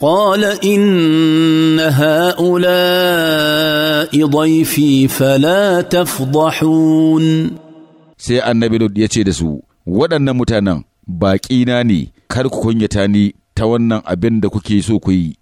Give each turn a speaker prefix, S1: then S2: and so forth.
S1: قال ان هؤلاء ضيفي فلا تفضحون sai annabi Lut ya ce
S2: da su waɗannan mutanen baƙina ne kar ku kunyata ni ta wannan abin da kuke
S3: so ku yi